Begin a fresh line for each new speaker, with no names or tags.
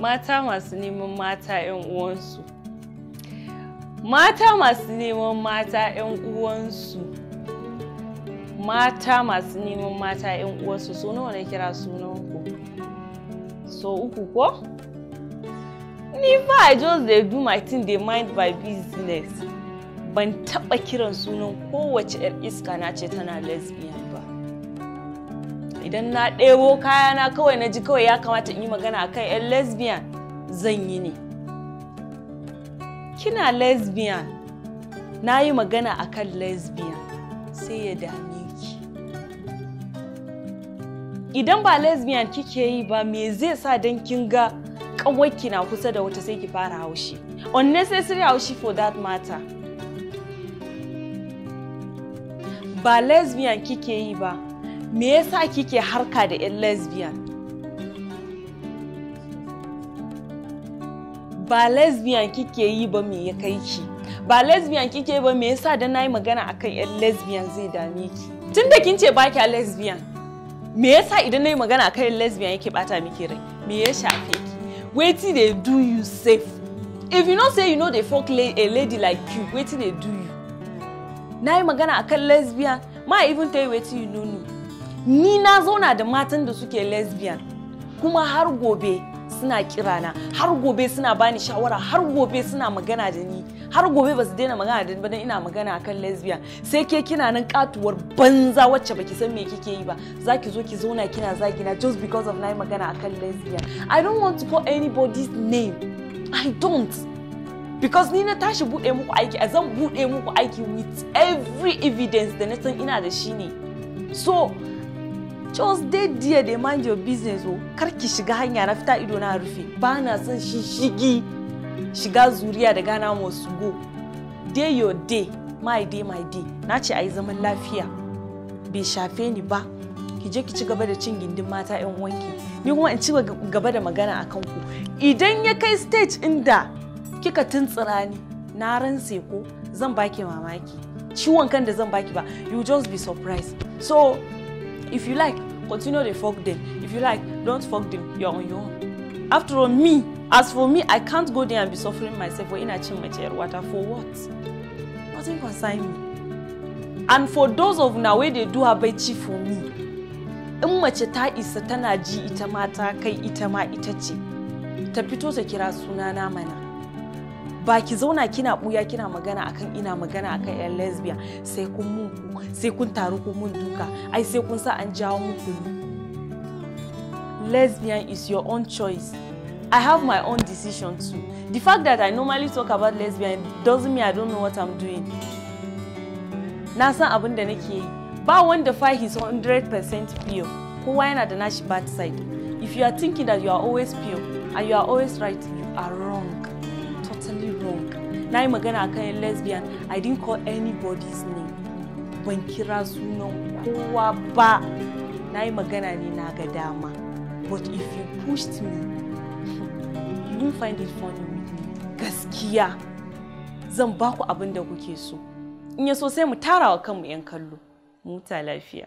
mata masu neman mata 'yan uwansu mata masu neman mata 'yan uwansu mata masu neman mata 'yan uwansu so nawa na kira sunanku so uku ko ni fa i just dey do my thing dey mind my business ban taba kiran sunan kowace 'yar iska na ce tana lesbian idan na ɗebo kayana kawai na ji kawai ya kamata in yi magana akan 'yan lesbian zan yi ne kina lesbian na yi magana akan lesbian sai ya dame ki idan ba lesbian kike yi ba me zai sa don kin ga kawai na kusa da wata sai ki fara haushi unnecessary haushi for that matter ba lesbian kike yi ba me yasa kike harka da 'yan lesbian ba lesbian kike yi ba me ya kai ki ba lesbian kike ba me yasa da nayi magana akan 'yan lesbian zai dame ki tunda kin ce ba kya lesbian me yasa idan nayi magana akan 'yan lesbian yake bata miki rai me ya shafe ki wetin dey do you safe if you know say you no dey fuck a lady like you wetin dey do you nayi magana akan lesbian ma even tell you wetin you no know ni na zauna da matan da suke lesbian kuma har gobe suna kirana har gobe suna bani shawara har gobe suna magana da ni har gobe ba su daina magana da ni ba dan ina magana akan lesbian sai ke kina nan katuwar banza wacce baki san me kike yi ba zaki zo ki zauna kina zagina just because of nayi magana akan lesbian i don't want to call anybody's name i don't because ni na tashi buɗe muku aiki a zan bude muku aiki with every evidence da na san ina da shi ne so just dey there dey mind your business o oh. kar ki shiga hanya na fita ido na rufe ba na son shishigi shiga zuriya da gana must go day your day my day my day na ce a zaman lafiya bai shafe ni ba ki je ki ci gaba da cin gindin mata yan wanki ni kuma in ci gaba da magana a kanku idan ya kai stage inda kika tuntsira ni na rantse ko zan baki mamaki ciwon kan da zan baki ba you just be surprised so if you like continue dey fuck dem if you like don't fuck dem you are on your own after all me as for me i can't go there and be suffering myself for ina cin mace yar wata for what nothing concern me and for those of una wey dey do abaici for me in mace ta isa tana ji ita ma ta kai ita ma ita ce ta fito ta kira sunana mana ba ki zauna kina buya kina magana akan ina magana akan yan lesbian sai kun mun ku sai kun taru kun mun duka ai sai kun sa an jawo muku lesbian is your own choice I have my own decision too. The fact that I normally talk about lesbian doesn't mean I don't know what I'm doing. Na san abin da nake yi. Ba wanda fa his 100% pure. Kowa yana da nashi bad side. If you are thinking that you are always pure and you are always right, you are wrong. totally wrong. Na yi magana kan lesbian, I didn't call anybody's name. Ban kira suna kowa ba. Na yi magana ne na ga dama. But if you pushed me, you won't find it funny with me. Gaskiya. Zan baku ku abin da kuke so. In ya so sai mu tara wa kanmu 'yan kallo. Muta lafiya.